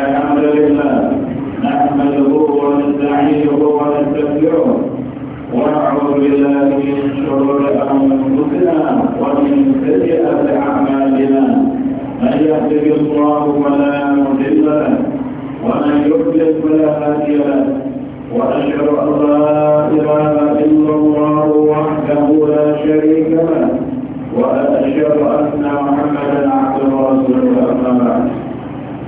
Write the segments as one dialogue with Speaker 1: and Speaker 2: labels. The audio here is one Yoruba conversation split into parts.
Speaker 1: الحمد لله نحمده ونستعينه ونستغفره ونعوذ بالله من شرور انفسنا ومن سيئات اعمالنا من يهده الله فلا مضل له ومن يضلل فلا هادي له واشهد ان لا اله الا الله وحده لا شريك له واشهد ان محمدا عبده ورسوله اما بعد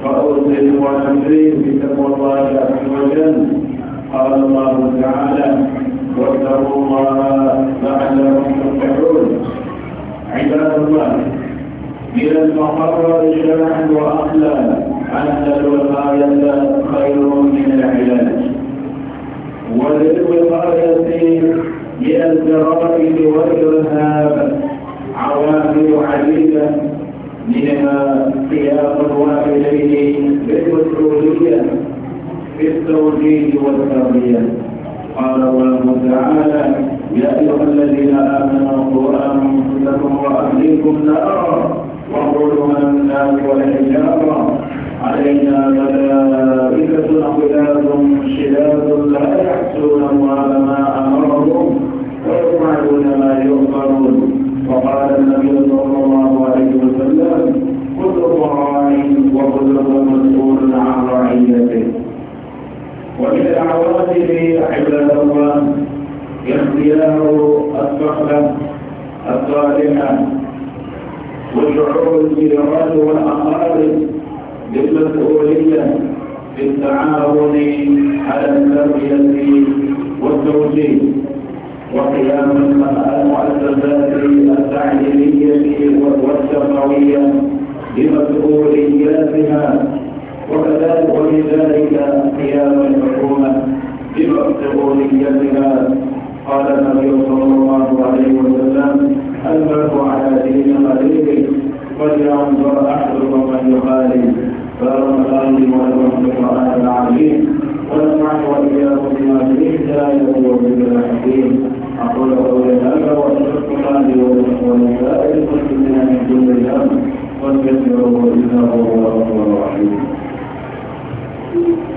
Speaker 1: فأوصي ونفسي بتقوى الله عز وجل قال الله تعالى واتقوا الله لعلكم تفلحون عباد الله إلى المقرر شرعا وعقلا أن الوقاية خير من العلاج وللوقاية لأزدراء والإرهاب عوامل عديدة منها سياق الوالدين بالأسلوبية في التوجيه والتربية قال الله تعالى يا أيها الذين آمنوا قرآن أنفسكم وأهليكم نارا وقولها الناس والحجارة علينا ملائكة أقلاد شداد لا يعصون الله ما أمرهم ويفعلون ما يؤمرون وقال النبي صلى الله عليه وسلم كل راع وكل المسؤول عن رعيته ومن العواتب عباد الله اختيار الصحبه الصالحه وشعور الجيران والاقارب بالمسؤوليه في التعاون على التربيه والتوجيه وقيام المؤسسات التعليمية والتربوية بمسؤولياتها وكذلك ولذلك قيام الحكومة بمسؤوليتها قال النبي صلى الله عليه وسلم المرء على دين خليله فلينظر احدكم من يخالف فارم الارض ولكم القران العظيم ونسمع واياكم بما فيه لا يقول بالله الحكيم Thank you.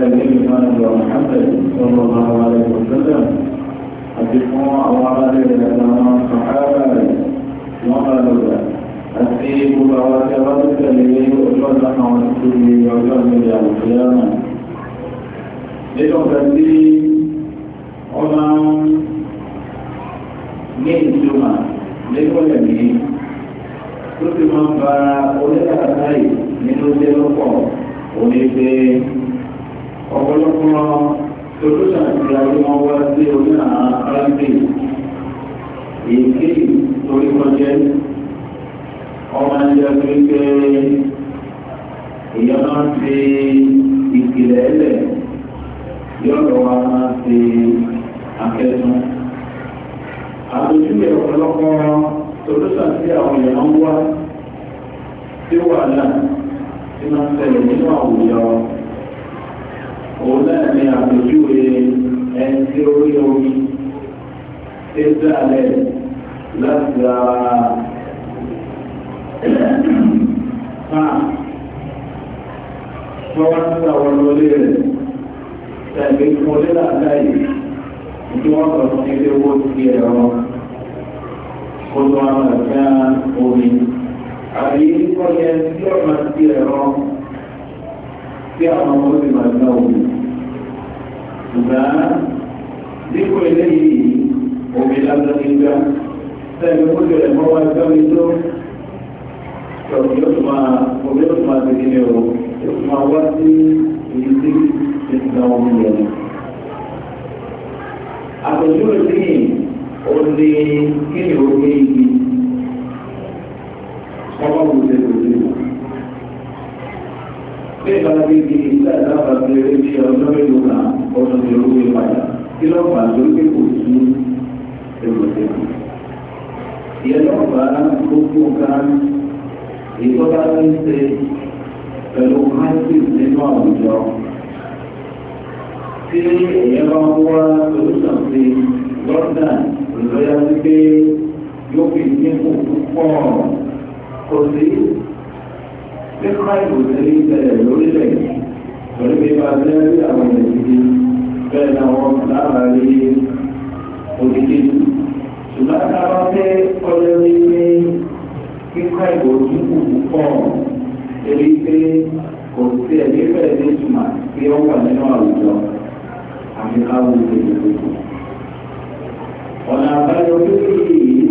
Speaker 1: على نبينا محمد صلى الله عليه وسلم àdìfún àwọn aráàlú rẹ̀ àwọn sàárà rẹ̀ wọ́n bá lọ rẹ̀ àti gbogbo àwọn akẹ́wà tó tẹ̀lé ojú ọ̀dá àwọn tó lè ọjọ́ ìrìn àwùjọ náà. nínú ọ̀gá tí wọ́n máa ti máa ń ba oníkàtà yìí nínú jẹ́ lọ́pọ̀ òní pé ọ̀pọ̀lọpọ̀ solution ti ayé wọn wá sí orí àwọn aráàlú èyíkéyìí torí kọjá ọmọ ẹ̀jẹ̀ pé pé èèyàn máa ń fi ìkìlẹ̀ ẹ̀lẹ̀ yọ̀rọ̀ wa máa ń fi akẹ́tún. àtòjúwe ọ̀pọ̀lọpọ̀ solution ti àwọn èèyàn wá sí wàhálà tí máa ń ṣẹlẹ̀ nínú àwùjọ òun náà ni àpèjúwe ẹni tí ó rí omi ẹgbẹ́ alẹ́ láti ara náà wọ́n wá sí àwọn ọlọ́lé rẹ̀ tàbí fún lélà láyé tí wọ́n sọ fún ilé owó ti ẹ̀rọ kó tó àwọn ẹ̀fẹ́ omi àbí kọ́lẹ̀ tí ọ̀nà ti ẹ̀rọ tí àwọn ọmọ sì máa ń omi ṣùgbọ́n dípò eléyìí omi lásán ní gbá sẹ́yìn ó bẹ̀rẹ̀ mọ́ wá gbá mi tó ọ̀rọ̀ yóò tún máa omi yóò tún máa ti kíni o yóò tún máa wá sí ibi tí ti ti dá omi yẹn. àpèjú òsìyìn ó ní kíni omi igi ọmọ òṣèlú òṣèlú. bí ìbára bí igi ìta ìdábàá ti rí bí ọdún mélòó kan ọ̀sán ní olówó ìpadà kí ló fà lórí pé kò sí èrò tẹ̀lé. ìyẹn náà bá gbogbo kan ìtọ́ka ní ṣe pẹ̀lú hybrid nínú àwùjọ tí èèyàn bá ń wá solution sí london lọ́yà sí pé yóò fi dínkù púpọ̀ kò sí pé káyọ̀ sí ìbẹ̀rẹ̀ lórílẹ̀ yìí pẹ̀lú bí bá àwọn ìdíje bẹ́ẹ̀ láwọn láàárí òdíje ṣùgbọ́n ká bá fẹ́ ní kíkọ́ ìbòjú ọ̀nà àbáyọ tó kéde yìí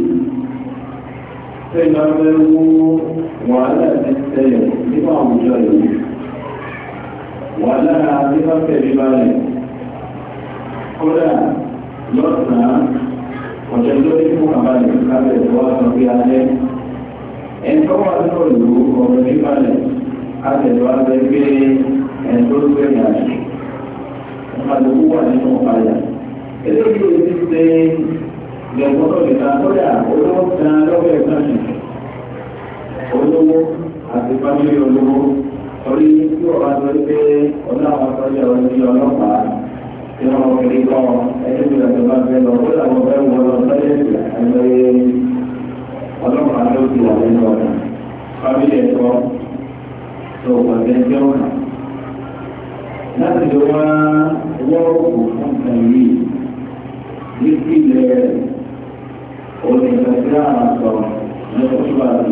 Speaker 1: tó ìlànà ẹ̀wọ̀ wàhálà ti nípa àwùjọ yìí wà lára adébáfẹ́ bí balẹ̀ kódà lọ́sàn-án ọ̀jẹ̀ lórí fún àbálẹ̀ kábẹ̀ wá sọ pé alẹ́ ẹni tó wà nínú ìlú ọ̀rọ̀ bí balẹ̀ àtẹ̀wá bẹ pé ẹni tó gbé ní àṣẹ ìpàdókù wà nínú ọ̀pàdà eléyìí ò ti ṣe lẹ́gbọ́dọ̀ nìkan kódà olówó kan lọ́wọ́ ẹ̀ka olówó àti fámílì olówó torí tí o bá torí pé ọdún àwọn sọ́jà orí ọlọ́pàá tí wọ́n mọ̀ kiri kọ́ ẹni tí wọ́n bá fẹ́ lọ kó làwọn fẹ́ wọ lọ sọ́jà ìlú ẹgbẹ́ ọlọ́pàá ló ti wà nínú ọ̀nà fábílì ẹ̀kọ́ tó pàṣẹ jẹ́ ọ̀nà. láti lè wá wọ́ọ̀kù fún ẹ̀yí ní sílẹ̀ òní ìgbà tí a ní oṣù àti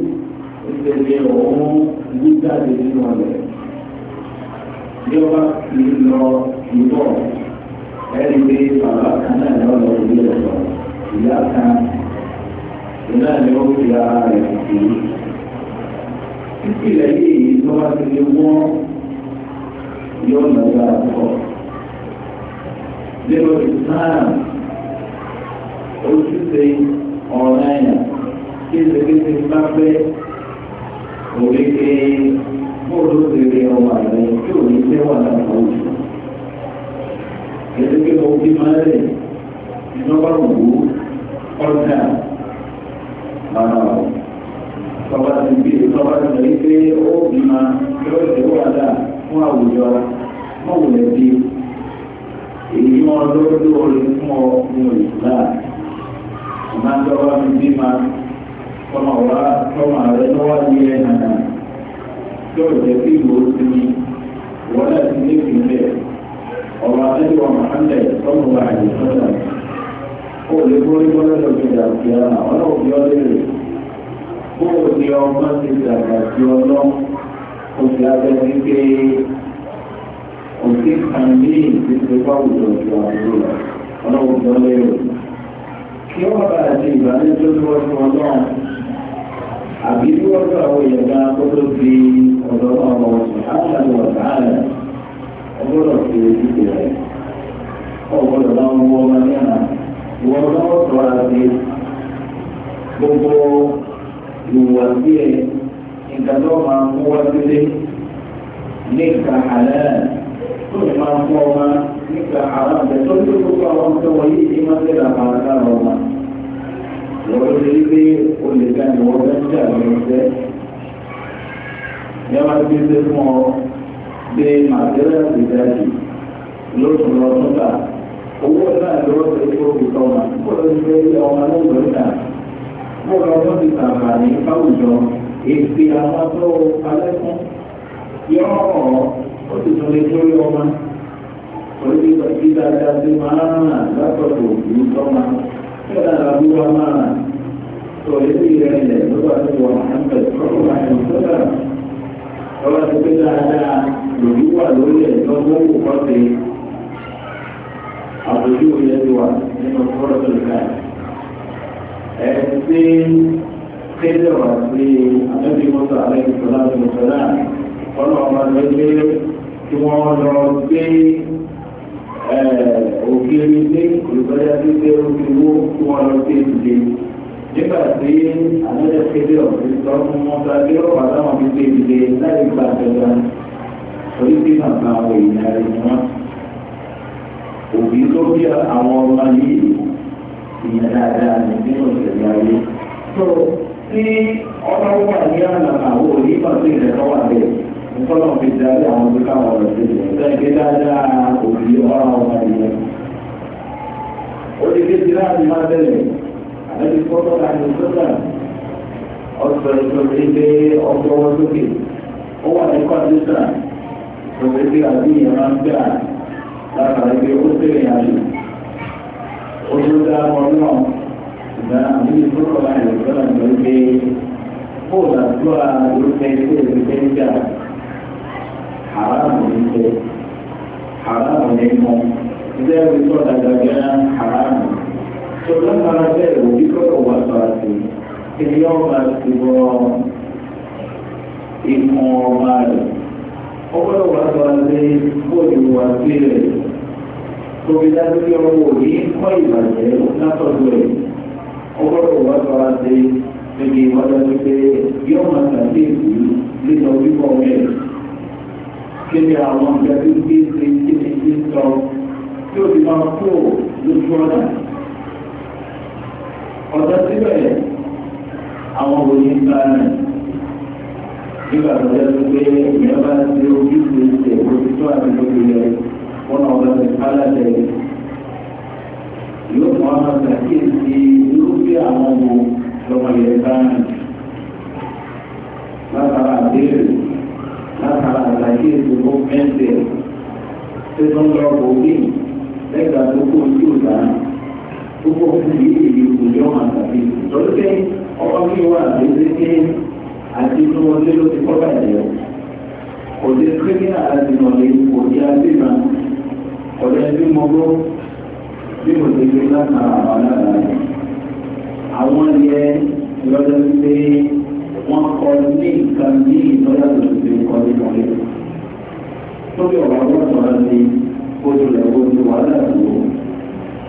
Speaker 1: ìṣẹ̀lẹ̀ ọ̀hún gbígbàdé nínú ọ̀lẹ̀. Ìjọba ti lọ ìbọ̀ ẹni pé bàbá kan náà lọ lọ sí ọ̀sọ̀ ìyá kan ìná ni ó fi ara rẹ̀ sí. Ìpìlẹ̀ yìí ló bá ti lè wọ́n yóò lágbára pọ̀. Lérò ìsáàmù ojúṣe ọ̀ràn ẹ̀yà kí ẹsẹ̀ kí ẹsẹ̀ bá fẹ́ òwe pé bóòlù rere ọmọ rẹ tí ò ní fẹ́ wà láwọn òjò ètò pé mo bí máa rẹ̀ ìjọba òwú ọ̀dà bàbá ọ̀ tọ́ba ti bí tọ́ba ti rí pé ó bí máa yóò ṣe wà láà fún àwùjọ mọ̀wùlẹ̀ bí èyí mọ́ lórí orí fún ọ ní òyìnbá ìmájọba mi bí máa kọ́mà wá kọ́mà rẹ lọ́wọ́ ní ẹ̀ nàná tó jẹ́ kí ìwò ti ní wọ́n náà ti ní ìpínlẹ̀ ọ̀rọ̀ àtẹ́wọ̀ Mohammed tọ́mù wà ní sọ́dà ó lè borí bọ́lá lọ́jọ́ ìdàgbé ara ọ̀nà òbí ọlẹ́rẹ̀ bó o ní ọmọ ti dàgbà sí ọlọ́ oṣù abẹ́ pé òsì kan ní ìdíje báwùjọ ju àbúrò ọ̀nà òbí ọlẹ́rẹ̀ kí wọ́n bá àti ìbànújẹ́ lọ́wọ́ sí ọlọ́run àbí wọ́pọ̀ àwọn èèyàn gan kótó fi ọ̀dọ̀ ọmọ ọ̀sùn áṣàlù ọ̀sán àlẹ́ ọgbọ́dọ̀ fi ojú ti rẹ̀ ọgbọ́dọ̀ bá wọn wọ ọmọ ní àná wọ́n lọ́wọ́ sọ àti gbogbo ìwà sí ẹ̀ nǹkan tó máa mú wá sílé níka àlẹ́ tó lè máa mú ọmọ níka àlọ́ àbẹ̀ tó ń tó gbogbo àwọn ọmọ tó wọ̀nyí ìdí máa ń tẹ̀lé àpàlà náà lọ́wọ́ ìwọ ló lè gbé olè ká ní wọ́n fẹ́ jà ní ọ̀sẹ̀ yẹn máa gbé ṣe fún ọ gbé màtẹ́rẹ́ ìdájì lóṣù lọ́dún ta owó náà lọ́wọ́ ṣe kó fi tọ́ ma kó lọ sí ilé ọmọ lóògbé ta kó lọ wọ́n ti tàbà ní fáwùjọ èsì àwọn tó alẹ́kùn yọ ọ̀rọ̀ ó sì tún lè lórí ọmọ orí ìgbà tí dáadáa ti máa ń rà látọ̀tọ̀ òkú tọ́ ma. كان أبو ما ويزيد إلى النبي محمد صلى الله عليه وسلم ولا تكل على رجوع لولا الجمهور وفرقه الرجوع إلى الدواء من الصورة الكاملة ẹ̀sìn kéde wà sí àtẹ́bí mọ́tò àlẹ́ ìfọ̀lá àti ìfọ̀lá ọlọ́ọ̀mọdé tí wọ́n lọ gbé òkè eh, ilé olùkọ́jà tó gbé orí owó tí wọ́n lọ sí ìdílé nígbà tí àlọ́jọ́ kéde ọ̀sẹ̀ sọ fún mọ́tà bí ó wà láwọn fi gbé ìdílé láì gba àjọba orí tí bàbá àwọn èèyàn rẹ̀ ni wọ́n. òbí tó bí àwọn ọmọ yìí ìyẹn dáadáa ní nínú ìṣẹ̀lẹ̀ ayé. tó tí ọlọ́wọ́ wà ní àlàkà àwọn òní pàṣẹ ìrẹ̀lọ́wà bẹ́ẹ̀ nítorí wọn fi darí àwọn tó káwọn ọ̀rọ̀ sí i sọ èké dáadáa òbí ọ̀rọ̀ ọmọ ìyẹn. ó ti láti máa tẹ̀lé àlejò fọ́tọ́ láti sọ́tà ọ̀sẹ̀ ìṣòro ilé ọgbọ́n wọn sókè ó wà ní kọ́ńtíṣà òwe tí àbí ìyẹn máa ń gbà látàrí pé ó tẹ̀lé àjò ó tó dá ọmọ náà ìgbà àbí ìfọ́tọ̀ láti sọ́tà ló gbé haramu ní jẹ haramu ní mu ilé ẹ̀rọ tó dàgbà gẹ́gẹ́ haramu tó lágbára bẹ́ẹ̀ òbí kọ́kọ́ wà sọ àti ilé ọba ti wọ ìmọ̀ ọba rẹ̀ ọgbọ́dọ̀ wà sọ àti bóyá wà sí rẹ̀ tóbi dájú pé ọwọ́ òní kọ́ ìbàjẹ́ látọ̀dọ̀ ẹ̀ ọgbọ́dọ̀ wà sọ àti bíbí wájú pé yọ̀ọ́ máa tàbí ìlú nínú orúkọ mẹ́rin kí ni àwọn ìgbà tó gbé ṣe kí ni kí n sọ tí ó ti máa kó lójú ọ̀nà. ọ̀dọ́ síbẹ̀ àwọn òye ń bá rẹ̀ nígbà tó yẹ kó pé ìyá bá ti ojú ìwé ṣe òṣìṣẹ́ àti gbogbo yẹ wọn ọ̀gá ti pálásẹ̀ yóò mọ àwọn àkíyèsí irúfẹ́ àwọn ọmọ lọ́mọ yẹn bá rẹ̀ látara àbẹ́rẹ́ against the movement there ṣé tó ń lọ bò wí lẹ́gbàá tó kó ojú ìlà púpọ̀ fún yìí èyí kò yọ hàn tàbí lọ́sẹ̀ ọkọ mi wà lóṣè ké àti tó wọlé ló ti kọ́ bàjẹ́ kò dé kíríà àti nọ̀lẹ́ kò dé abéma ọ̀rẹ́ bí mo gbọ́ bí mo ti gbé lánàá àwọn alára rẹ̀ àwọn yẹ lọ́dọ̀ pé wọ́n kọ ní nǹkan ní ìtọ́jà tó ti kọ́ nínú rẹ̀ lórí ọ̀rọ̀ àwọn ọ̀rọ̀ àti ojú rẹ̀ ojú wàhálà tó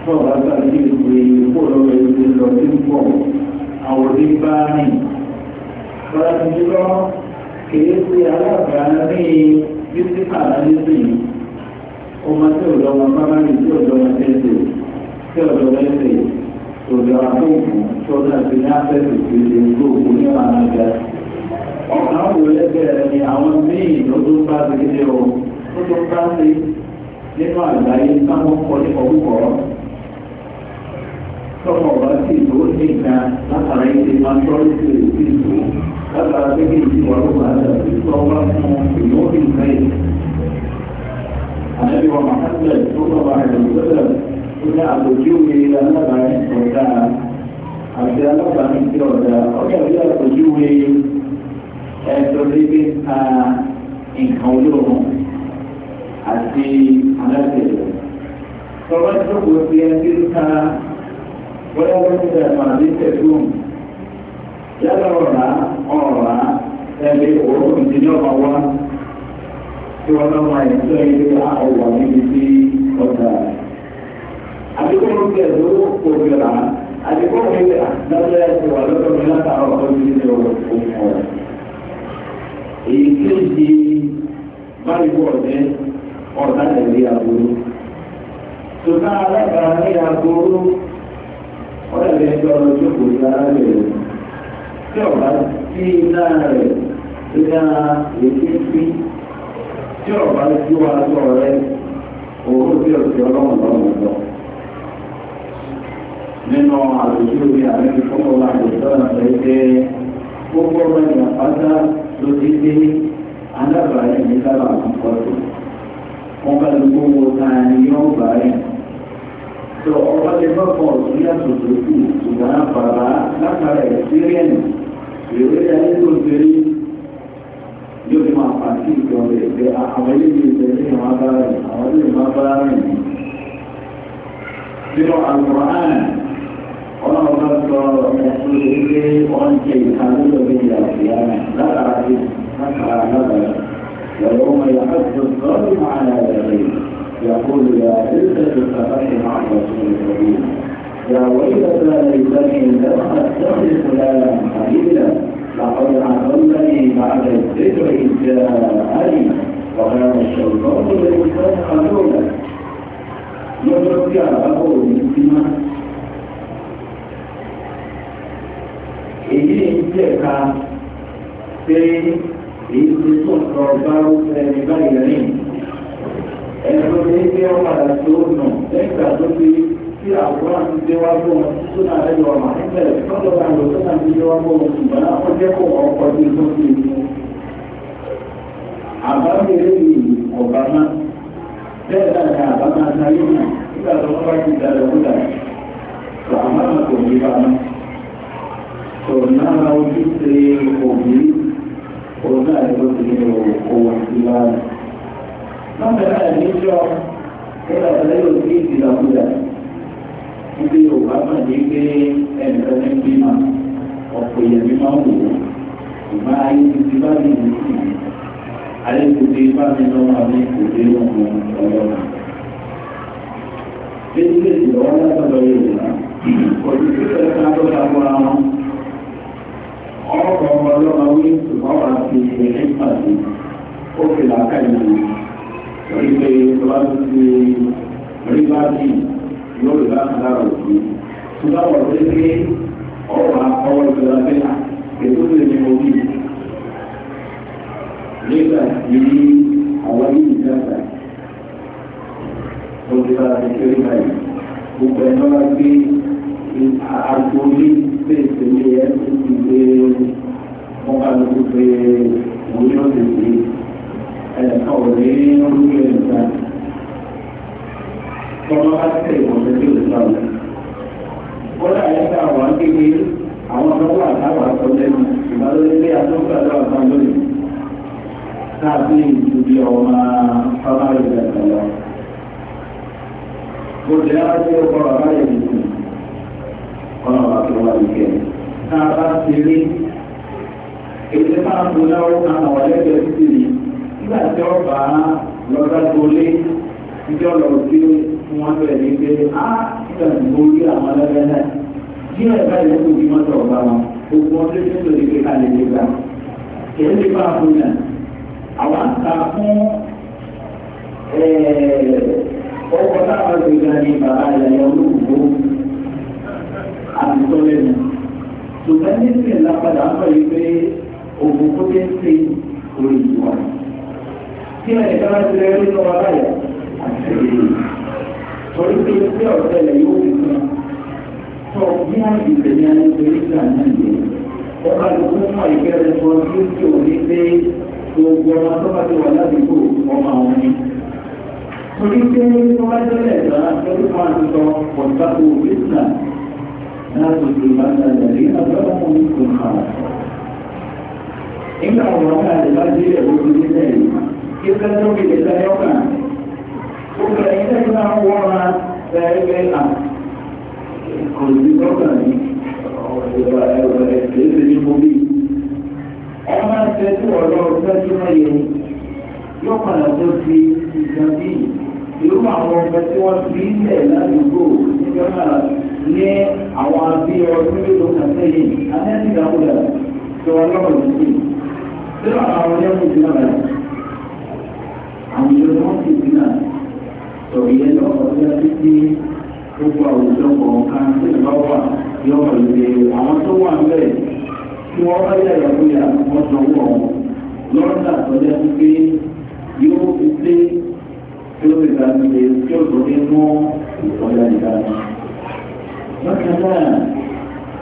Speaker 1: tó ọ̀rọ̀ àgbà sí ìwé kó lọ́wọ́ ìwé lọ sí ń pọ̀ àwọn orí bá rìn. Bọ́lá ti dúró kìí ṣe alága ní bísíkà lálẹ́sì ọmọ tí ò lọ́wọ́ pámárì tí ò lọ́wọ́ tẹ́sẹ̀ tí ò lọ́wọ́ ẹsẹ̀ òjò àtòkù tó ti ní afẹ́sẹ̀ tó lè gbó òkú ní àwọn àgbà. Ọ̀nà àwọn olẹ́gbẹ̀ẹ́ ni àwọn míì lọ́dún bá ti dé o ó tó bá ṣe nínú àgbáyé táwọn kọ ní ọkọ̀ tọ́mọ ọba sì tó ní ìka látara ìdè máa tọ́ sí ìlú látara pé kí ìdí wọn ló máa dà sí tọ́wọ́ fún ìlú ìka yìí. Àlẹ́ ìwọ̀n Mahammed tó bàbá rẹ̀ lọ́sọ̀rọ̀ ó ní àpòjúwe alábàárẹ̀ ọ̀dà àti alábàárẹ̀ ti ọ̀dà ọ̀dà bí àpòjúwe ẹ̀ẹ́dọ́gbẹ́gbẹ́ ta ah, nǹkan olóòrùn àti aláṣẹ rẹ̀. Sọ̀rọ̀ tó kò fi ẹni ń ta bóyá wọ́n ti rẹ̀ máa ní tẹ̀sùn. Yálà ọ̀rá ọ̀rá ẹni òórùn ti ní ọmọ wa tí wọ́n náà máa ń sọ ilé àwọ̀ níbi tí ọjà rẹ̀. Àdìgbò ń bẹ̀ lówó kò gbèrà. Àdìgbò ń bẹ̀ lọ́dọ̀ ẹ̀sìn wà lọ́dọ̀ mi látara ọ̀dọ́ mi ní ọ̀rọ̀ èyí kéèjì báyìí wọ̀ ọ̀dẹ́ ọ̀tá tẹ̀lé aburú. Tòtá alága ní aburú ọ̀rẹ́lẹ̀ ẹjọ́ ọjọ́ kò sí ara rẹ̀ rẹ̀. Tí ọ̀bá sí iná rẹ̀ iná èké sí. Tí ọ̀bá sí wa sọ rẹ̀ òun tí ọ̀sẹ̀ ọlọ́run lọ́wọ́ lọ. Nínú àlùjọ omi àmì ìfọ́nmọ́ wa kò sọ̀rọ̀ rẹ̀ jẹ́ gbogbo ọmọ ìyàpátá ló ti dé alábàárẹ̀ ní sábà ń kọ́ sí wọ́n bá lè kó wo ta ni yóò bá rẹ̀. tó ọba lè bá kọ̀ sí àtúntò kù ṣùgbọ́n bàbá látara ẹ̀sírẹ́ẹ̀nì ìwé ayé tó ṣeré yóò fi máa pàṣẹ ìjọba ẹgbẹ́ àwọn ilé ìgbẹ́ ní ìwọ̀n abára rẹ̀ àwọn ilé ìwọ̀n abára rẹ̀ ni. nínú àlùkòrán ọlọ́ọ̀bá sọ ẹ̀sùn ìwé ọ̀njẹ̀ ìkàlùlọ̀ bíi àbíyá látara látara látara. ويوم يحج الظالم على يديه يقول يا عزه اتخذت مع الرسول الكريم يا ويلتى ليتني لم اتخذ فلانا خليلا لقد عقلتني بعد الذكر اذ جاءني وكان الشيطان للانسان خلولا يترك له الانتماء èyí ń jẹ́ pé èyí ti tó sọ bá ó fẹ́ ní báyìí rìn ẹ̀sọ́ ní ẹgbẹ́ ọ̀padà tí ó nà lẹ́gbà tó fi tí àwòrán ti dé wá bó wọn tó náà lẹ́yìn ọmọ ẹgbẹ́ lọ́dọ̀ náà lọ tó náà ti dé wá bó ṣùgbọ́n náà wọ́n jẹ́ kó wọn kọ́ tó fi àbámẹ́rẹ́ ni ọ̀bá máa bẹ́ẹ̀ náà ni àbá máa ta yé náà nígbà tó wọ́n bá ti dalẹ̀ wó dà tó àmọ́ náà kò ní bá náà tó náà ojú ṣe òbí òun náà ni ó ti ní òkú ìlànà. Lọ́pẹ̀ náà níjọ́ nígbà tẹ́lẹ̀ yóò sí ìdìdàkúdà. Ibi Yorùbá máa ní pé ẹnìkan ní bímọ ọ̀pọ̀ èèyàn bí máa ń wò ó. Ìgbà ayé ti ti bá mi ní sí i. Ayé kò dé bá mi lọ́wọ́ àmì kò dé ọmọ ọlọ́run. Bí ilé ìlọ́wọ́ látọ̀dọ̀ Yorùbá, òṣìṣẹ́ fẹ́ ká lọ́ta fún ara wọn ọ̀pọ̀ ọmọ ọlọ́mọ wí ṣùgbọ́n wà fi ẹ̀rí pàdé ó fi làákà ìlú torí pé ọba tó ti rí bá bì yóò rí láti lára òkú ṣùgbọ́n wọ́n rí pé ọ̀rọ̀ akọ́wọ́ ìjọba bẹ́ẹ̀ ètò lè ní orí nígbà tí àwọn yìí dàgbà ó ti bá ti kéré báyìí gbogbo ẹ̀ lọ́la gbé agboolé pèsè ní ẹ̀ tó ti pé wọ́n àwọn akéwì àwọn ọmọ wà táwọn àtọ́ lẹ́nu ilé àtúntò àtọ́ àtọ́ lónìí káàbí ìdúbí ọmọ fábáyé ìgbà kan lọ. Mo jẹ́ àti ọkọ̀ àbáyé tẹ́sílẹ̀ lápadà ń bẹ̀rẹ̀ pé ògùn kó tẹ́ ṣe orí ìwà kí ẹ̀rẹ̀ kan láti rẹ̀ rí lọ́wọ́ báyà àti ẹ̀rẹ̀ torí pé pé ọ̀tẹ̀lẹ̀ yóò fi fún tọ́ bí wọ́n ti tẹ̀lé ayé pé nígbà náà yẹ ọba lóko mọ̀ ìkẹrẹ sọ bí ó ti òní pé gbogbo ọmọ tó bá ti wà ládùúgbò ọmọ àwọn ni torí pé wọ́n bá tẹ́lẹ̀ gbà lórí لا تصيبن الذين ظلموا منكم خاصة إن الله لقد يقول لله يقدر بالله يوما قل فإنما هو ما ذلك الأمر قل بقدرني ọmọ ìfẹ́tí ọ̀rọ̀ ìfẹ́tí mẹ́yẹ yóò padà tó fi ìgbà bíi irú àwọn ọmọ tí wọ́n fi ń lẹ̀ ládùúgbò nígbà náà ní àwọn àbí ọdún mélòó kan sẹ́yìn anẹ́sì ìdáwọ́dà tó ọlọ́run sí tí wọ́n àwọn ọdún ẹ̀kọ́ ìdílé rẹ̀ àwọn ìlú wọn sì sí náà sọ̀rọ̀ yẹn lọ ọdún ẹ̀kọ́ sí gbogbo àwùjọ kọ̀ọ̀kan tí ìbá wà yọ ìwé àwọn tó wà ń bẹ̀ tí wọ́n bá yà ìyàwóyà wọ́n sọ wọ̀ lọ́dà tọ́jà yóò fi pé tí ó tí ó sọ nínú ìtọ́jà ìdáná bákan náà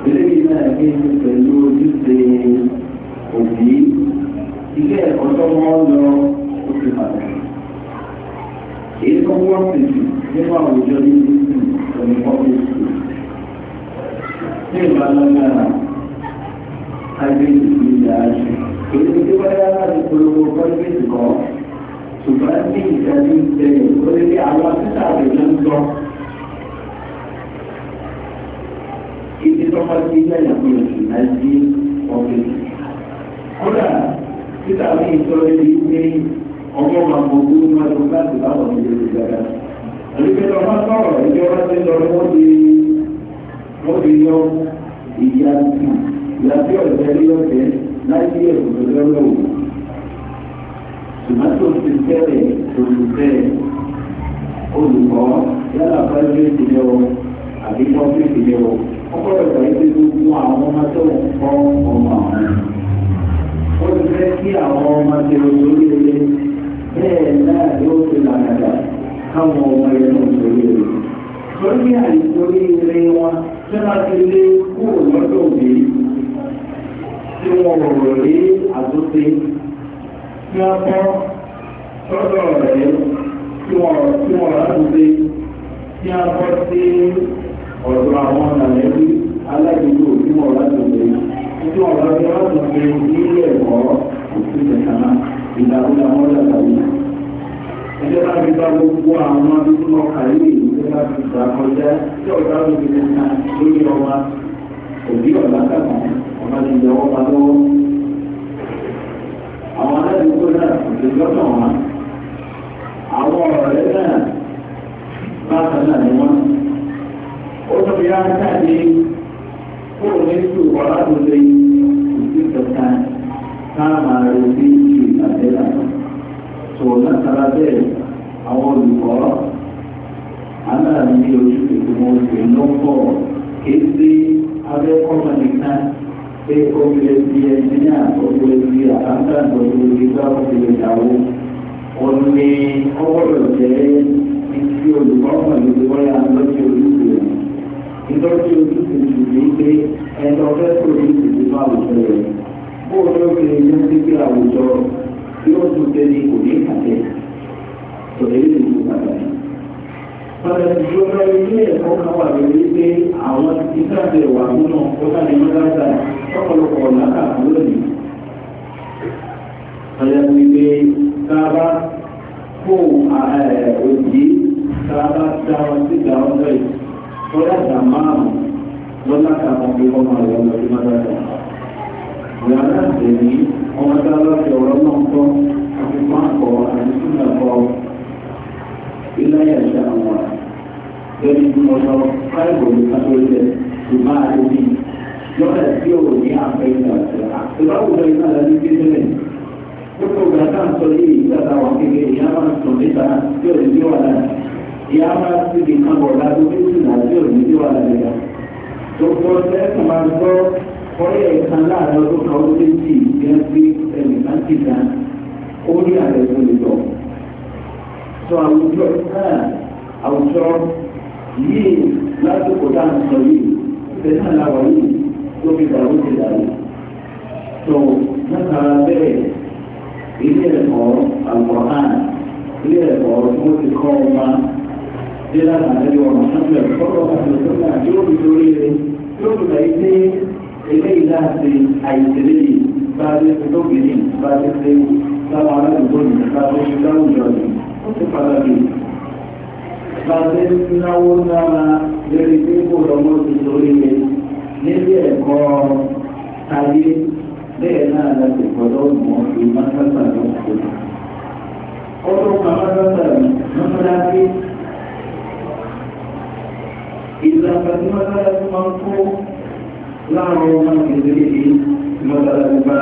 Speaker 1: eléyìí náà ní í ṣe pẹ̀lú ojúṣe òbí ilé ẹ̀kọ́ tó wọ́n lọ oṣù pàtàkì èyí tó wọ́n sì jù nínú àwùjọ ní ìlú ìsìn ọ̀nìkan tó sùn ní ìbálòpọ̀ agbègbè ìjà àṣù èyí tó wáyé láti polówó pọ́lípẹ̀tì kan ṣùgbọ́n ní ìjà ní ìbẹ̀rẹ̀ lórí àwọn títà àgbẹ̀jọ́ ń lọ. tọ́pá sí ilé ìyàpọ̀ oṣù náìjí ọ̀gbìn. kódà títà ní ìtọ́jú ẹni pé ọmọ màmú ogún máa tó láti báwọn ní ìlú ìgbàgbà. àdúgbò ọmọ sọ̀rọ̀ ẹjọ́ wá sí lọ wọ́n ti wọ́n ti yọ ìyá ìyá tí ọ̀jẹ̀ rí ọ̀jẹ̀ láìsí ẹ̀sùn tó lọ́wọ́ tòmátò ti bẹ̀rẹ̀ olùkọ́ yálà bá ilé ìdílé wọn àbí pọ́ńtì ìpínlẹ̀ wọ ọkọ̀ rẹ̀ gbà yípe gbogbo àwọn ọmọ tó ń kọ́ ọmọ àwọn ó ti fẹ́ kí àwọn ọmọ ti rò lórí ilé bẹ́ẹ̀ náà yóò ti lànàdà káwọn ọmọ yẹn náà lórí ilé lórí àìsórí ilé wọn tí wọ́n ti lé kúrò lọ́dọ̀ òbí tí wọ́n rò lé àtúnṣe tí wọ́n kọ́ lọ́dọ̀ rẹ̀ tí wọ́n rà àtúnṣe tí wọ́n kọ́ sí ọ̀dọ̀ àwọn nàlẹ́bí aláìdúgbò tí wọ́n bá tó lé tí wọ́n bá tó bá tó lé nílé ẹ̀kọ́ òfin ìtàná ìdàgbà wọn dàgbàwí. ẹjẹ́ bá fi bá gbogbo àwọn akíkọ́ kàlí ìlú bá fi gbà kọjá tí ọ̀dọ́ àwọn obìnrin náà lórí ọba òbí ọ̀dà kàkàn ọba ti jẹ́wọ́ pa lọ́wọ́. àwọn aláìdúgbò náà kò ya mutane kowane su wa rabu zai su kama ní. Pẹ̀lú ìṣó fẹ́ ilé ẹ̀kọ́ kan wà lórí pé àwọn ìtàgé wà nínú ọ̀gá ní Mọ́láṣà lọ́pọ̀lọpọ̀ lákà lónìí. Pẹ̀lú wípé sábà kó òjì sábà dá wọn sí ìdá ọ̀sẹ̀ lọ́yà dà márùn-ún lọ́lá kan fi ọmọ rẹ̀ lọ sí Mọ́láṣà. Ìyá náà tẹ̀lé ọmọdé aláṣẹ ọ̀rọ̀ náà kọ́ àti máa kọ́ àti túnbà kọ́ ilé ẹ̀ṣẹ̀ àwọn lórí ọjọ́ káìbò ní kátólikẹ ṣùgbọ́n àdébí lọ́dà tí ò ní àfẹ́yìntà ìgbà òwúrọ̀ iná lẹ́nu kékeré gbogbo ìgbà tá à ń sọ yìí ìgbàgbà wọn kékeré ìyá máa ń sọ níta tí ò ní bí wà láti ìyá máa ń síbi kan bọ̀ láti bí ìsìnà tí ò ní wà láti lọ. gbogbo ẹ̀sìn máa gbọ́ ọ̀rẹ́ ẹ̀kan láàrin ọdún kan ó dé sí ìgbẹ́ àwùjọ àwùjọ náà àwùjọ yìí lásìkò tá à ń sọ yìí ṣe náà làwọn yìí tó fi dàrú ti dàrú. tó látara bẹ́ẹ̀ ilé ẹ̀kọ́ àlùkọ́hán ilé ẹ̀kọ́ tí wọ́n ti kọ́ ọmọ dé lára ẹ̀yọ ọ̀nà sábẹ̀ fọ́lọ́ àti ìṣọ́nà yóò fi lórí rẹ̀ yóò fi láyé dé eléyìí láti àìsèlè yìí bá a lè fi tó gbìyànjú bá a lè fi láwọn aláàbò tó yìí bá a lè fi láwùjọ yìí ó ti pàtàkì láti náwó náà lórí pé kò lọ́mọ́ ti sórí rẹ̀ níbi ẹ̀kọ́ ayé bẹ́ẹ̀ náà láti gbọ́dọ̀ mọ̀ ní mọ́tàtà lọ́sọ̀rọ̀. ọdún kan mọ́tàtà mọ́tàláṣí ìlànà tí mọ́tàláṣí máa ń kó láàárọ̀ máa ń kéde mọ́tàláṣí bá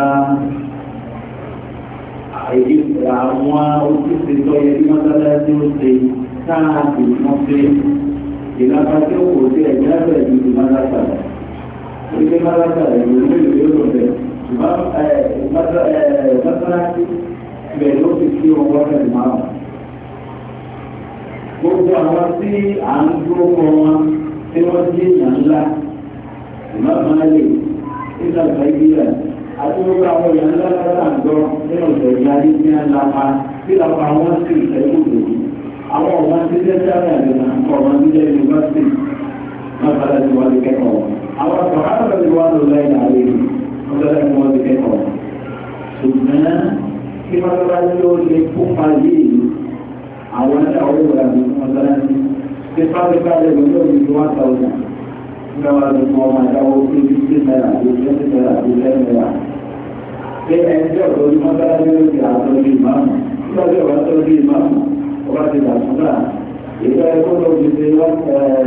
Speaker 1: èyí àwọn ojúṣe tó yẹ kí wọ́n dáadáa tí ó ṣe táà sì wọ́n ṣe ìlànà tí ó kò sí ẹ̀jẹ̀ àbẹ̀rẹ̀ ju ti mọ́láṣà rẹ̀ ó ṣe mọ́láṣà rẹ̀ ló ní ìlú yóò lọ́dẹ̀ mọ́sálásí bẹ̀rẹ̀ ló fi kí ọwọ́ rẹ̀ máa gbogbo àwọn tí à ń dúró kọ wọn tí wọ́n jí ìyàn ńlá ìmọ̀ máa lè nígbà àti gbogbo àwọn èèyàn ńlá lára ń gbọ́ nínú ìṣẹ̀lẹ̀ ayé ní àlàpà tí làwọn àwọn sì ìṣẹ́kù lò àwọn ọmọ ti jẹ́ sáré àdìmọ̀ àti ọmọ ti jẹ́ yunifásitì náà padà ti wọlé kẹ́kọ̀ọ́ àwọn àtọ̀hárọ̀ ti wá lò lẹ́yìn àlè ọ̀dọ́dá ti wọlé kẹ́kọ̀ọ́ ṣùgbọ́n kí mọ́tọ́lájú ó lè kópa yìí àwọn ẹ̀dá ọ̀rẹ́ wọ̀lá ní mọ́tọ́lájú ti fáfífá lẹ́nu ní òyìnbó wá tàwọn ìgbà wà lọ́mọ ọmọ àdáwọ̀ ó fi ní sí náírà àti ìjẹ́ sí náírà àti ìjẹ́ náírà pé ẹjọ́ lórí mọ́tàlá lórí àtọ́jú ìmáàmù nígbàjọ́ wà tọ́jú ìmáàmù ọba ti dàtúndà ìgbà ẹ̀kọ́ lọ fi ṣe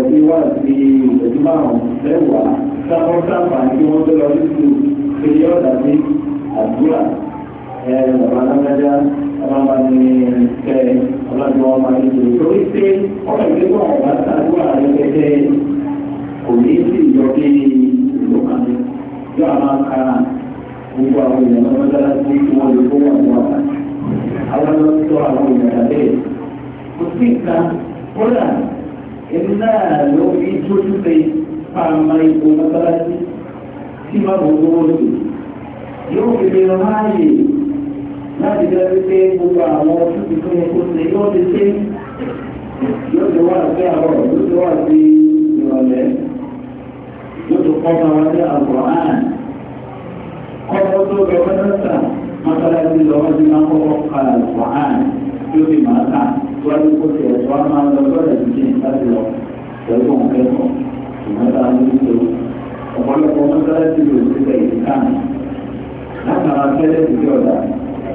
Speaker 1: bí wà sí ìṣẹ́jú márùn-ún mẹ́wàá sáwọn sáfà kí wọ́n tó lọ sí ṣe yọ ọ̀dà gbogbo àwọn èèyàn náà lọ́dọ́lá sí wọn lè kó wọn wọn wá. Àwọn lọ sọ àwọn èèyàn lábẹ́ kò sí ìka kódà èmi náà ló fi tójú pé pàmò ipò mọ́tálásí tí má bò gbówó lòdì. Yóò fi lè ráàyè láti jẹ́ wípé gbogbo àwọn ọtútù tó yẹ kó ṣe yóò ti ṣe yóò ti wá sí àárọ̀ yóò ti wá sí ìrọ̀lẹ́ yóò ti kọ́ máa wá sí àgbọ̀n áàrùn kọ́kọ́ tó bẹ pẹ́sẹ́sà mọ́sálásí lọ́wọ́ sí máa kọ́kọ́ kalẹ̀ wàhán yóò fi máa kà wáyé kó tẹ̀ wá máa lọ lọ́rẹ̀ jíjìn láti lọ pẹ̀lú òun kẹ́kọ̀ọ́ mọ́sálásí tó ọ̀pọ̀lọpọ̀ mọ́sálásí lò sí